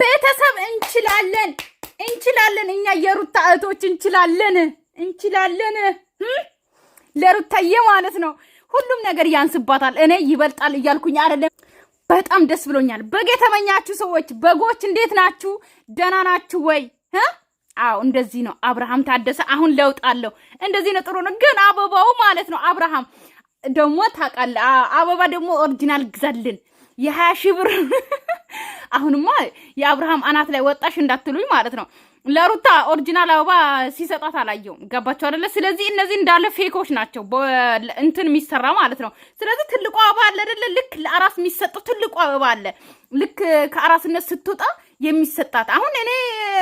ቤተሰብ እንችላለን፣ እንችላለን። እኛ የሩታ እህቶች እንችላለን፣ እንችላለን። ለሩታዬ ማለት ነው ሁሉም ነገር ያንስባታል። እኔ ይበልጣል እያልኩኝ አይደለም። በጣም ደስ ብሎኛል። በግ የተመኛችሁ ሰዎች በጎች እንዴት ናችሁ? ደህና ናችሁ ወይ? አዎ እንደዚህ ነው። አብርሃም ታደሰ አሁን ለውጥ አለው። እንደዚህ ነው፣ ጥሩ ነው። ግን አበባው ማለት ነው አብርሃም ደግሞ ታውቃለህ፣ አበባ ደግሞ ኦሪጂናል ግዛልን የሀያ ሺህ ብር አሁንማ የአብርሃም አናት ላይ ወጣሽ እንዳትሉኝ ማለት ነው። ለሩታ ኦሪጂናል አበባ ሲሰጣት አላየውም። ገባቸው አደለ? ስለዚህ እነዚህ እንዳለ ፌኮች ናቸው፣ እንትን የሚሰራ ማለት ነው። ስለዚህ ትልቁ አበባ አለ አደለ? ልክ ለአራስ የሚሰጠው ትልቁ አበባ አለ፣ ልክ ከአራስነት ስትወጣ የሚሰጣት። አሁን እኔ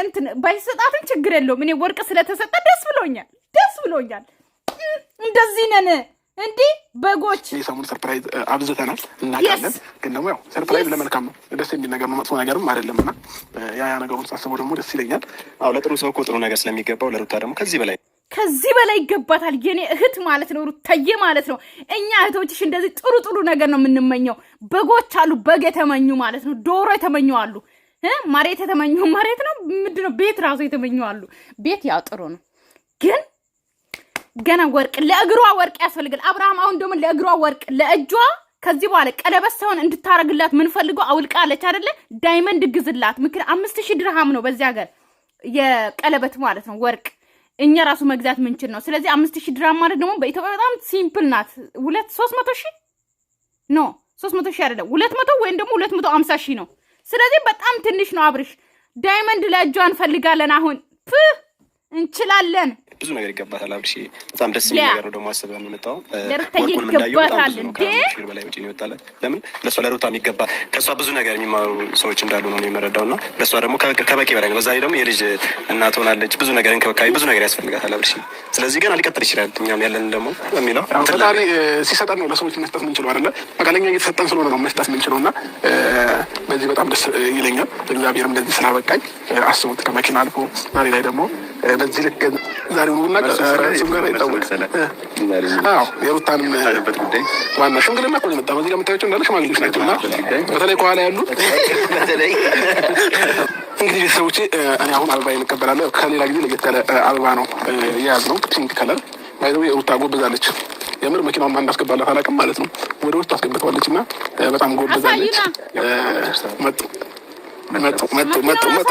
እንትን ባይሰጣትም ችግር የለውም። እኔ ወርቅ ስለተሰጠ ደስ ብሎኛል፣ ደስ ብሎኛል። እንደዚህ ነን። እንዲህ በጎች የሰሙን ሰርፕራይዝ አብዝተናል እናቃለን። ግን ደግሞ ያው ሰርፕራይዝ ለመልካም ነው፣ ደስ የሚል ነገር ነው፣ መጥፎ ነገርም አይደለም እና ያ ያ ነገሩን ሳስበው ደግሞ ደስ ይለኛል። አዎ ለጥሩ ሰው እኮ ጥሩ ነገር ስለሚገባው ለሩታ ደግሞ ከዚህ በላይ ከዚህ በላይ ይገባታል። የኔ እህት ማለት ነው ሩታዬ ማለት ነው። እኛ እህቶችሽ እንደዚህ ጥሩ ጥሩ ነገር ነው የምንመኘው። በጎች አሉ፣ በግ የተመኙ ማለት ነው፣ ዶሮ የተመኙ አሉ፣ መሬት የተመኙ መሬት ነው ምንድነው ቤት ራሱ የተመኙ አሉ። ቤት ያው ጥሩ ነው ግን ገና ወርቅ ለእግሯ ወርቅ ያስፈልጋል። አብርሃም አሁን ደግሞ ለእግሯ ወርቅ ለእጇ ከዚህ በኋላ ቀለበት ሳይሆን እንድታረግላት ምንፈልገው አውልቃ አለች አይደለ? ዳይመንድ ግዝላት። ምክር አምስት ሺህ ድርሃም ነው በዚህ ሀገር የቀለበት ማለት ነው ወርቅ እኛ ራሱ መግዛት ምንችል ነው። ስለዚህ አምስት ሺህ ድርሃም ማለት ደግሞ በኢትዮጵያ በጣም ሲምፕል ናት። ሁለት ሶስት መቶ ሺህ ኖ ሶስት መቶ ሺህ አይደለም ሁለት መቶ ወይም ደግሞ ሁለት መቶ አምሳ ሺህ ነው። ስለዚህ በጣም ትንሽ ነው። አብርሽ ዳይመንድ ለእጇ እንፈልጋለን አሁን እንችላለን። ብዙ ነገር ይገባታል። አብርሽ በጣም ደስ የሚል ነገር ደግሞ አስበ ነው ይገባታል በላይ ውጭ ይወጣለ። ለምን ለእሷ ለሩታም ይገባል። ከእሷ ብዙ ነገር የሚማሩ ሰዎች እንዳሉ ነው የምረዳው እና ለእሷ ደግሞ ከበቂ በላይ በዛ ደግሞ የልጅ እናት ሆናለች። ብዙ ነገር እንክብካቤ፣ ብዙ ነገር ያስፈልጋታል አብርሽ። ስለዚህ ገና ሊቀጥል ይችላል። እኛም ያለን ደግሞ የሚለው ፈጣሪ ሲሰጠን ነው ለሰዎች መስጠት የምንችለው አይደለ? በቃ ለእኛ እየተሰጠን ስለሆነ ነው መስጠት የምንችለው እና በዚህ በጣም ደስ ይለኛል። እግዚአብሔር እንደዚህ ስላበቃኝ አስቡት ከመኪና አልፎ ዛሬ ላይ ደግሞ በዚህ ልክ ዛሬ ቡና ጋር ይታወቅ የሩታንም ዋና ሽምግልና እኮ ነው በዚህ ጋር የምታያቸው እንዳለ ሽማግሌዎች ናቸው እና በተለይ ከኋላ ያሉ እንግዲህ ቤተሰቦች እኔ አሁን አበባ እንቀበላለሁ። ከሌላ ጊዜ ለየት ያለ አበባ ነው ነው ፒንክ ከለር ባይዘው የሩታ ጎበዛለች። የምር መኪናውን ማን እንዳስገባላት አላውቅም ማለት ነው። ወደ ውስጥ አስገብተዋለች እና በጣም ጎበዛለች። መጡ መጡ መጡ መጡ መጡ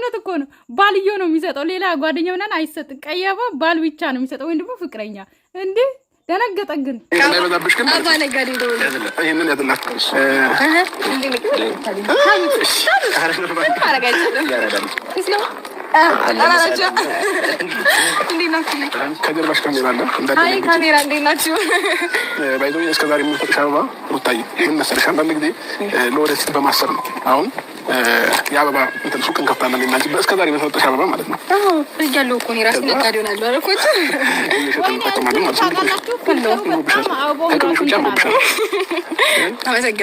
እውነት እኮ ነው። ባልዮ ነው የሚሰጠው። ሌላ ጓደኛ ምናምን አይሰጥም። ቀየበ ባል ብቻ ነው የሚሰጠው፣ ወይም ደግሞ ፍቅረኛ። እንዴ ደነገጠ። ግን ከጀርባሽ ካሜራ አለ። ካሜራ የአበባ እንትን ሱቅ አመሰግናለሁ። አምሮብሃል። እንዴት ነው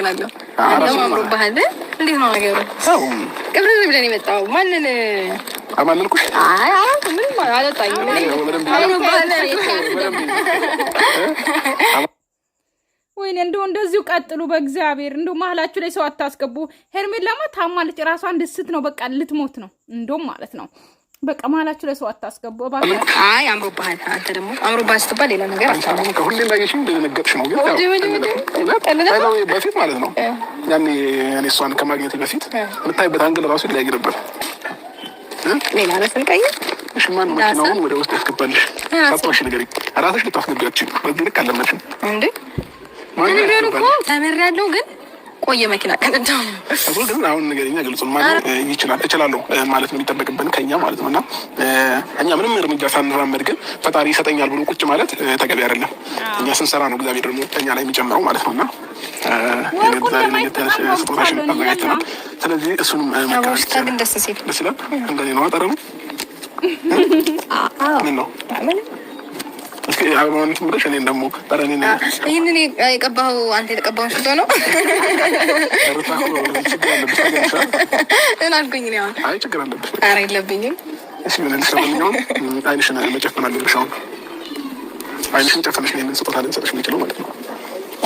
ነገሩ? ቅብርብ ብለን የመጣው ማንን አማለልኩሽ። አይ ምንም ወይኔ እንደው እንደዚሁ ቀጥሉ። በእግዚአብሔር እንደው መሀላችሁ ላይ ሰው አታስገቡ። ሄርሜላማ ታማለች። ራሷን ደስት ነው በቃ ልትሞት ነው። እንደውም ማለት ነው በቃ መሀላችሁ ላይ ሰው አታስገቡ። አይ አምሮባሃል። አንተ ደግሞ አምሮባሃል ስትባል ሌላ ነገር ሁሌ ላየሽ እንደነገጥሽ ነው። በፊት ማለት ነው ያኔ እሷን ከማግኘት በፊት የምታይበት አንግል ራሱ ይለያይ ነበር። ሌላ በስንቀይር ሽማን መኪናውን ወደ ውስጥ ያስገባልሽ ነገር ልታስገቢያችን በዚህ ልክ እንዴ እኮ ተምሬያለሁ ግን ቆየ መኪና ግን አሁን ነገርኛ ገልጹ ማለት ይችላል እችላለሁ ማለት ነው የሚጠበቅብን ከኛ ማለት ነው። እና እኛ ምንም እርምጃ ሳንራመድ ግን ፈጣሪ ይሰጠኛል ብሎ ቁጭ ማለት ተገቢ አይደለም። እኛ ስንሰራ ነው እግዚአብሔር ደግሞ እኛ ላይ የሚጨምረው ማለት ነው እና ስለዚህ እሱንም ደስ ይህንን የቀባው አንተ የተቀባው ሽቶ ነው አልኩኝ። አይ ችግር አለብሽ? ኧረ የለብኝም። እሺ ምን እንሰማኛውን አይንሽን መጨፈን አለብሽ። አሁን አይንሽን ጨፈንሽ ይህንን ስጦታ ልንሰጥሽ የምንችለው ማለት ነው።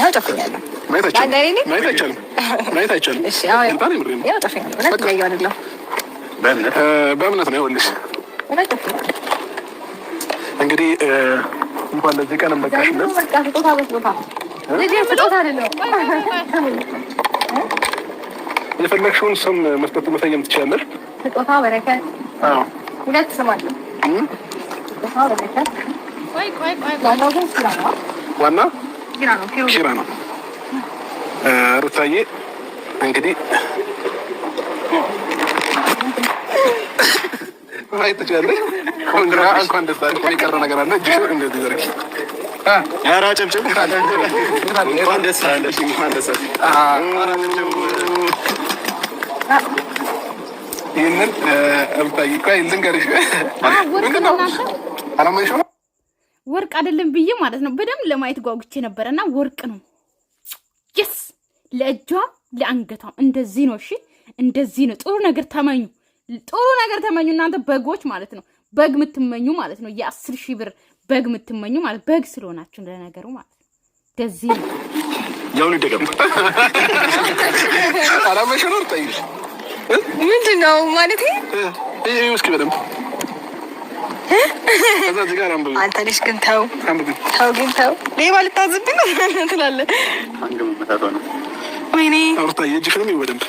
ያው ጨፍኛለሁ ማየት አይቻልም። ማየት አይቻልም። ማየት አይቻልም። በእምነት ነው። ይኸውልሽ እንግዲህ እንኳን ለዚህ ቀን በቃሽ። የፈለግሽውን ስም መስጠት መሰየም ትችላለሽ። ስጦታ በረከት። ሁለት ስም አለ። ዋና ኪራ ነው። ሩታዬ እንግዲህ እንኳን ደስ አለሽ። የቀረ ነገር አለ እንደዚህ ዘርጊ። ኧረ እንኳን ደስ አለሽ፣ እንኳን ደስ አለሽ። ይህንን ቆይ ልንገርሽ፣ ወርቅ አይደለም ብዬ ማለት ነው። በደንብ ለማየት ጓጉቼ ነበረ እና ወርቅ ነው ለእጇ ለአንገቷም እንደዚህ ነው። እሺ እንደዚህ ነው። ጥሩ ነገር ተመኙ፣ ጥሩ ነገር ተመኙ። እናንተ በጎች ማለት ነው። በግ የምትመኙ ማለት ነው። የአስር ሺህ ብር በግ የምትመኙ ማለት በግ ስለሆናችሁ ለነገሩ ማለት ነው። እንደዚህ ነው። ያሁን ይደገም አላመሸኖር ጠይቅ ምንድን ነው ማለት ይመስክ በደንብ አንተ ልጅ ግን ተው ተው ግን ተው ሌባ ልታዝብኝ ነው ትላለህ። ወይኔ አውርታ የእጅ ነው በደንብ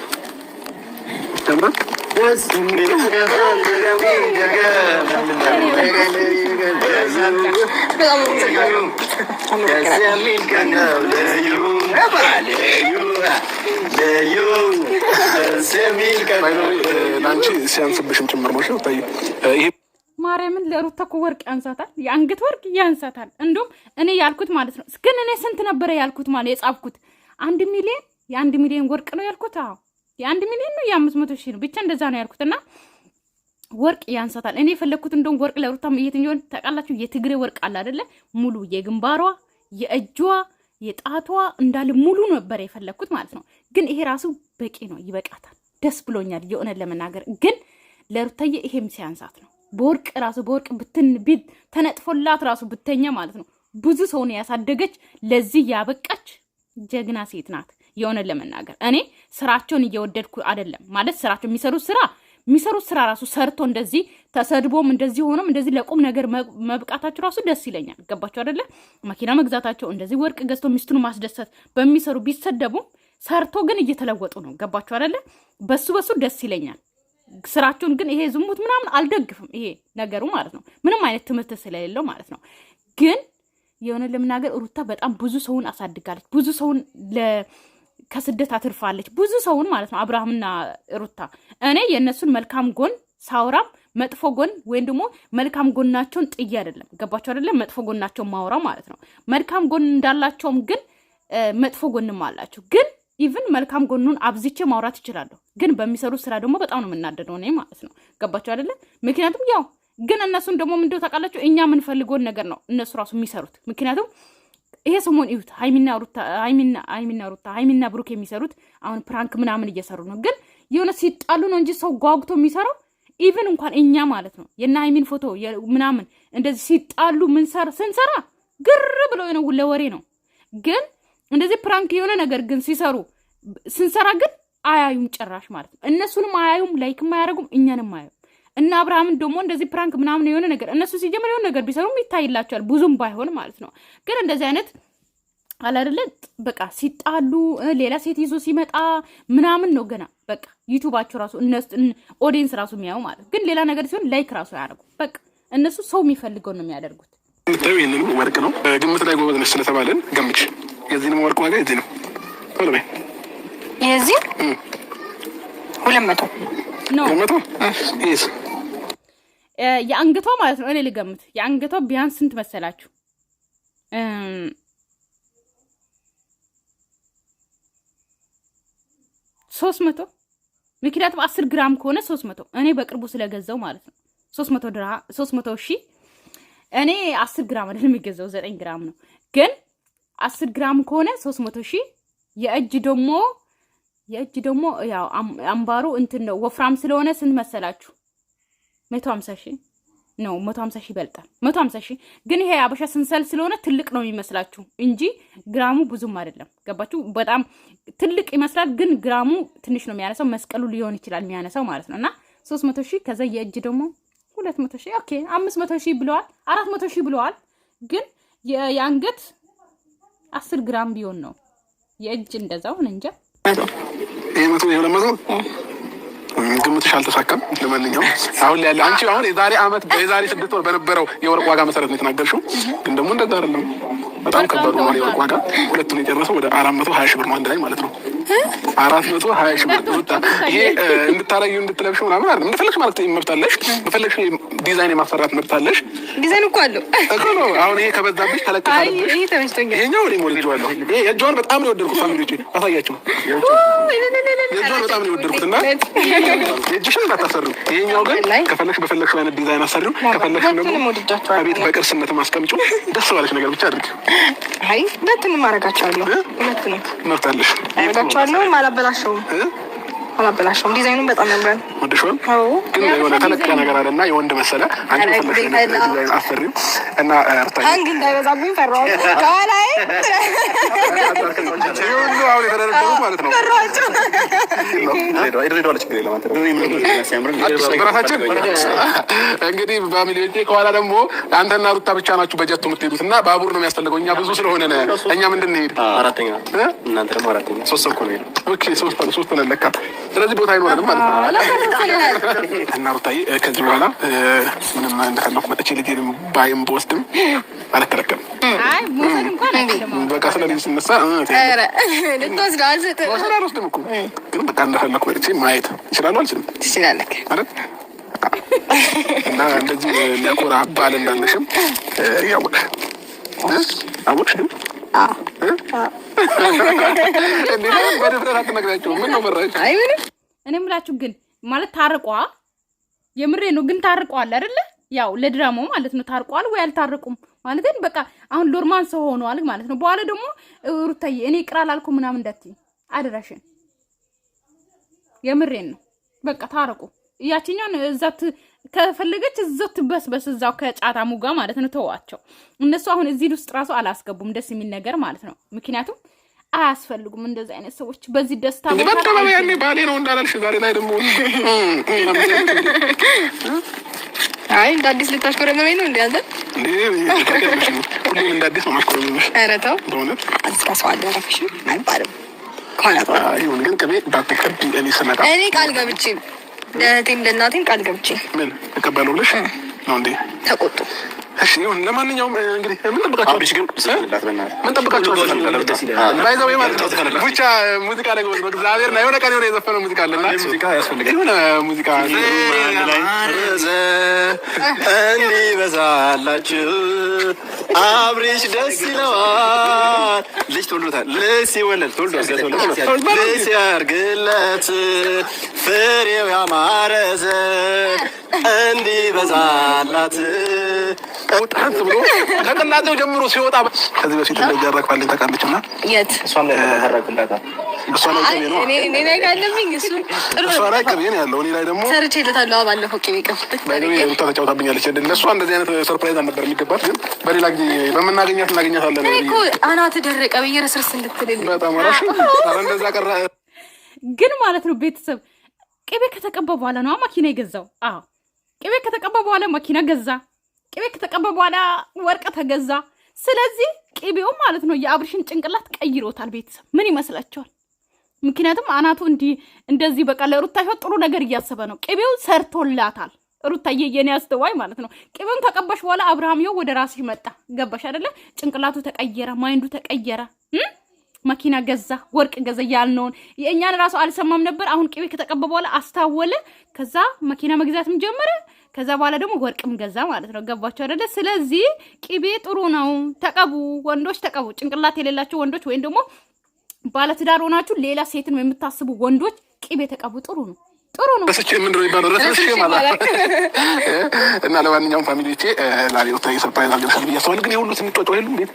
ማርያምን ለሩታ እኮ ወርቅ ያንሳታል፣ የአንገት ወርቅ ያንሳታል። እንዲሁም እኔ ያልኩት ማለት ነው። ግን እኔ ስንት ነበረ ያልኩት ማለት የጻፍኩት አንድ ሚሊዮን የአንድ ሚሊዮን ወርቅ ነው ያልኩት። አዎ የአንድ ሚሊዮን ነው የአምስት መቶ ሺህ ነው ብቻ እንደዛ ነው ያልኩት እና ወርቅ ያንሳታል። እኔ የፈለግኩት እንደውም ወርቅ ለሩታም የትኛውን ታውቃላችሁ? የትግሬ ወርቅ አለ አደለ? ሙሉ የግንባሯ፣ የእጇ፣ የጣቷ እንዳለ ሙሉ ነበር የፈለግኩት ማለት ነው። ግን ይሄ ራሱ በቂ ነው፣ ይበቃታል። ደስ ብሎኛል የሆነን ለመናገር ግን ለሩታዬ ይሄም ሲያንሳት ነው። በወርቅ ራሱ በወርቅ ብትን ተነጥፎላት ራሱ ብተኛ ማለት ነው። ብዙ ሰውን ያሳደገች ለዚህ ያበቃች ጀግና ሴት ናት። የሆነን ለመናገር እኔ ስራቸውን እየወደድኩ አይደለም ማለት ስራቸው የሚሰሩት ስራ የሚሰሩት ስራ ራሱ ሰርቶ እንደዚህ ተሰድቦም እንደዚህ ሆኖም እንደዚህ ለቁም ነገር መብቃታቸው ራሱ ደስ ይለኛል። ገባቸው አይደለ? መኪና መግዛታቸው እንደዚህ ወርቅ ገዝቶ ሚስቱን ማስደሰት በሚሰሩ ቢሰደቡም ሰርቶ ግን እየተለወጡ ነው። ገባቸው አይደለ? በሱ በሱ ደስ ይለኛል። ስራቸውን ግን ይሄ ዝሙት ምናምን አልደግፍም። ይሄ ነገሩ ማለት ነው ምንም አይነት ትምህርት ስለሌለው ማለት ነው። ግን የሆነ ለምናገር ሩታ በጣም ብዙ ሰውን አሳድጋለች። ብዙ ሰውን ከስደት አትርፋለች ብዙ ሰውን ማለት ነው። አብርሃምና ሩታ እኔ የእነሱን መልካም ጎን ሳውራም መጥፎ ጎን ወይም ደግሞ መልካም ጎናቸውን ጥዬ አይደለም። ገባቸው አይደለም? መጥፎ ጎናቸውን ማውራ ማለት ነው። መልካም ጎን እንዳላቸውም ግን መጥፎ ጎንም አላቸው። ግን ኢቭን መልካም ጎኑን አብዝቼ ማውራት ይችላለሁ። ግን በሚሰሩት ስራ ደግሞ በጣም ነው የምናደደው እኔ ማለት ነው። ገባቸው አይደለም? ምክንያቱም ያው ግን እነሱን ደግሞ ምንድነው ታውቃላቸው እኛ የምንፈልገውን ነገር ነው እነሱ ራሱ የሚሰሩት ምክንያቱም ይሄ ሰሞን እዩት፣ ሀይሚና ሩታ ሀይሚና ሩታ ሀይሚና ብሩክ የሚሰሩት አሁን ፕራንክ ምናምን እየሰሩ ነው፣ ግን የሆነ ሲጣሉ ነው እንጂ ሰው ጓጉቶ የሚሰራው ኢቨን እንኳን እኛ ማለት ነው የእነ ሀይሚን ፎቶ ምናምን እንደዚህ ሲጣሉ ምንሰራ ስንሰራ ግር ብለው ነው ለወሬ ነው። ግን እንደዚህ ፕራንክ የሆነ ነገር ግን ሲሰሩ ስንሰራ ግን አያዩም ጭራሽ ማለት ነው። እነሱንም አያዩም፣ ላይክም አያደርጉም፣ እኛንም አያዩም። እና አብርሃምን ደግሞ እንደዚህ ፕራንክ ምናምን የሆነ ነገር እነሱ ሲጀምር የሆነ ነገር ቢሰሩም ይታይላቸዋል፣ ብዙም ባይሆን ማለት ነው። ግን እንደዚህ አይነት አላደለ በቃ ሲጣሉ ሌላ ሴት ይዞ ሲመጣ ምናምን ነው ገና በቃ ዩቱባቸው ራሱ ኦዲንስ ራሱ የሚያዩ ማለት ግን ሌላ ነገር ሲሆን ላይክ ራሱ ያደርጉ በቃ እነሱ ሰው የሚፈልገው ነው የሚያደርጉት። ይህንንም ወርቅ ነው ግምት ላይ ጎበዝ ነች ስለተባለን ገምች። የዚህንም ወርቅ ዋጋ የዚህ ነው የዚህ ሁለት መቶ ነው መቶ የአንገቷ ማለት ነው እኔ ልገምት፣ የአንገቷ ቢያንስ ስንት መሰላችሁ? ሶስት መቶ ምክንያቱም አስር ግራም ከሆነ ሶስት መቶ እኔ በቅርቡ ስለገዛው ማለት ነው ሶስት መቶ ድራ ሶስት መቶ ሺ እኔ አስር ግራም አይደለም የሚገዛው ዘጠኝ ግራም ነው። ግን አስር ግራም ከሆነ ሶስት መቶ ሺ የእጅ ደግሞ የእጅ ደግሞ ያው አምባሩ እንትን ነው ወፍራም ስለሆነ ስንት መሰላችሁ መቶ ሀምሳ ሺህ ነው። መቶ ሀምሳ ሺህ ይበልጣል። መቶ ሀምሳ ሺህ ግን ይሄ አበሻ ስንሰል ስለሆነ ትልቅ ነው የሚመስላችሁ እንጂ ግራሙ ብዙም አይደለም። ገባችሁ? በጣም ትልቅ ይመስላል፣ ግን ግራሙ ትንሽ ነው የሚያነሳው። መስቀሉ ሊሆን ይችላል የሚያነሳው ማለት ነው። እና ሶስት መቶ ሺህ ከዛ የእጅ ደግሞ ሁለት መቶ ሺህ ኦኬ፣ አምስት መቶ ሺህ ብለዋል፣ አራት መቶ ሺህ ብለዋል። ግን የአንገት አስር ግራም ቢሆን ነው የእጅ እንደዛው እንጃ ግምትሽ አልተሳካም። ለማንኛውም አሁን ላይ ያለ አንቺ አሁን የዛሬ አመት የዛሬ ስድስት ወር በነበረው የወርቅ ዋጋ መሰረት ነው የተናገርሽው፣ ግን ደግሞ እንደዛ አይደለም። በጣም ከባድ ነው የወርቅ ዋጋ። ሁለቱን የጨረሰው ወደ አራት መቶ ሀያ ሺህ ብር ነው አንድ ላይ ማለት ነው። አራት መቶ ሀያ ሺህ ብር ወጣ። ይሄ እንድታረጊው እንድትለብሽ ምናምን አለ እንደፈለግሽ ማለት መብት አለሽ። ዲዛይን የማሰራት መብት ዲዛይን እኮ አለው እኮ ነው። አሁን ይሄ ከበዛብሽ ተለቅቃለሽ። ይሄኛው እኔ ሞልጄዋለሁ። የእጇን በጣም ነው የወደድኩት። ፋሚሊዎቼ አሳያቸው። የእጇን በጣም ነው የወደድኩት እና የእጅሽን እንዳታሰሩ። ይሄኛው ግን ከፈለግሽ በፈለግሽ አይነት ዲዛይን አሰሪው፣ ከፈለግሽ ደግሞ ቤት በቅርስነት ማስቀምጪው። ደስ ባለሽ ነገር ብቻ አድርግ አይ ሁለቱንም አደርጋቸዋለሁ። ሁለቱንም መብት አለሽ። ወድጄዋለሁ። አላበላሸውም አላበላሸውም። ዲዛይኑም በጣም ያምራል። አልወድሽም፣ ግን የሆነ ተለቅ ነገር አለና የወንድ መሰለ ማለት ነው እንግዲህ በሚሊዮቼ ከኋላ ደግሞ አንተና ሩታ ብቻ ናችሁ በጀት የምትሄዱት እና ባቡር ነው የሚያስፈልገው። እኛ ብዙ ስለሆነ እኛ ምንድን ነው አራተኛ እናንተ ደግሞ አራተኛ ሶስት ነው ሶስት ለካ ስለዚህ ቦታ አይኖረንም ማለት ነው። እና ሩታዬ ከዚህ በኋላ ምንም እንደፈለኩ መጥቼ ልጄንም ባይም በወስድም አልከለከልም። በቃ ስለልጅ ስነሳ ልትወስደዋልስጥወስዳልወስድም ግን በቃ እንደፈለኩ መጥቼ ማየት ይችላሉ። አልችልም ትችላለህ አይደል? እና እንደዚህ ሊያኮራ ባል እንዳለሽም ያወቅ አወቅሽ ግን እኔ ምላችሁ ግን ማለት ታርቋ፣ የምሬ ነው ግን ታርቋል አይደለ? ያው ለድራማው ማለት ነው ታርቋል ወይ አልታርቁም ማለት ግን በቃ አሁን ዶርማን ሰው ሆኗል ማለት ነው። በኋላ ደግሞ ሩታዬ እኔ ይቅር አላልኩም ምናምን እንዳትዪ አደራሽን፣ የምሬን ነው በቃ ታረቁ። እያችኛውን እዛት ከፈለገች እዛው ትበስበስ እዛው ከጫታ ሙጋ ማለት ነው። ተዋቸው እነሱ አሁን እዚህ ውስጥ ራሱ አላስገቡም ደስ የሚል ነገር ማለት ነው ምክንያቱም አያስፈልጉም እንደዚህ አይነት ሰዎች። በዚህ ደስታ በጣም ያኔ ባሌ ነው እንዳላልሽ ዛሬ ላይ ደግሞ አይ እንደ አዲስ ልታሽኮረመመኝ ነው እንዴ አንተ? እንደ አዲስ ነው ማሽኮረመመሽ። ኧረ ተው በእውነት እዚህ ሰው አልደረፈሽም አይባልም። ይሁን ግን ቅቤ እንዳትቀቢ እኔ ስመጣ እኔ ቃል ገብቼ ለእህቴም ለእናቴም ቃል ገብቼ ምን እቀበለው ነው እንዴ? ተቆጡ። እሺ ይሁን። ለማንኛውም እንግዲህ ምን ጠብቃቸው ግን ምን ጠብቃቸው ብቻ ሙዚቃ ደግሞ እግዚአብሔር ና የሆነ ቀን የሆነ የዘፈነው ሙዚቃ አለና የሆነ ሙዚቃ እንዲበዛላችሁ አብሬሽ ደስ ይለዋል። ልጅ ተወልዶታል። ልስ ይወለድ ተወልዶ ልስ ያርግለት ፍሬው ያማረ ዘር እንዲበዛላት ውጣት ብሎ ከቅናጤው ጀምሮ ሲወጣ ከዚህ በፊት እንደዚህ ያረግፋልኝ ታውቃለች። እና የት እሷ ላይ ቅቤ ነው እኔ ያለው። እኔ ላይ ደግሞ ሰርቼለታለሁ። ባለፈው ቅቤ ተጫውታብኛለች። ለእሷ እንደዚህ አይነት ሰርፕራይዝ አልነበር የሚገባት፣ ግን በሌላ ጊዜ በምናገኛት እናገኛታለን። አናት ደረቀ ብዬ ረስርስ እንድትልል በጣም ራሽ እንደዛ ቀረ ግን ማለት ነው ቤተሰብ ቅቤ ከተቀባ በኋላ ነው መኪና የገዛው። አዎ ቅቤ ከተቀባ በኋላ መኪና ገዛ። ቅቤ ከተቀባ በኋላ ወርቅ ተገዛ። ስለዚህ ቅቤው ማለት ነው የአብርሽን ጭንቅላት ቀይሮታል። ቤተሰብ ምን ይመስላቸዋል? ምክንያቱም አናቱ እንዲህ እንደዚህ በቃ ለሩታ ጥሩ ነገር እያሰበ ነው። ቅቤው ሰርቶላታል። ሩታዬ የኔ አስተዋይ ማለት ነው። ቅቤውን ተቀባሽ በኋላ አብርሃም ይኸው ወደ ራስሽ መጣ። ገባሽ አይደለ? ጭንቅላቱ ተቀየረ፣ ማይንዱ ተቀየረ። መኪና ገዛ፣ ወርቅ ገዛ ያልነውን የእኛን ራሱ አልሰማም ነበር። አሁን ቅቤ ከተቀበ በኋላ አስታወለ። ከዛ መኪና መግዛትም ጀመረ። ከዛ በኋላ ደግሞ ወርቅም ገዛ ማለት ነው። ገባቸው አደለ? ስለዚህ ቅቤ ጥሩ ነው። ተቀቡ ወንዶች፣ ተቀቡ። ጭንቅላት የሌላቸው ወንዶች ወይም ደግሞ ባለትዳር ሆናችሁ ሌላ ሴት ነው የምታስቡ ወንዶች ቅቤ ተቀቡ፣ ጥሩ ነው ጥሩ ነው። ረስቼ ምንድን ነው የሚባለው? ረስቼ ማለት እና ለማንኛውም ፋሚሊዎቼ ላሊዮታ የሰርፕራይዝ አድርገን ብያስተዋል። ግን የሁሉ ስንጫጫ ቤት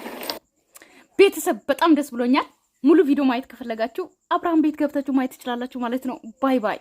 ቤተሰብ በጣም ደስ ብሎኛል። ሙሉ ቪዲዮ ማየት ከፈለጋችሁ አብርሃም ቤት ገብታችሁ ማየት ትችላላችሁ ማለት ነው። ባይ ባይ።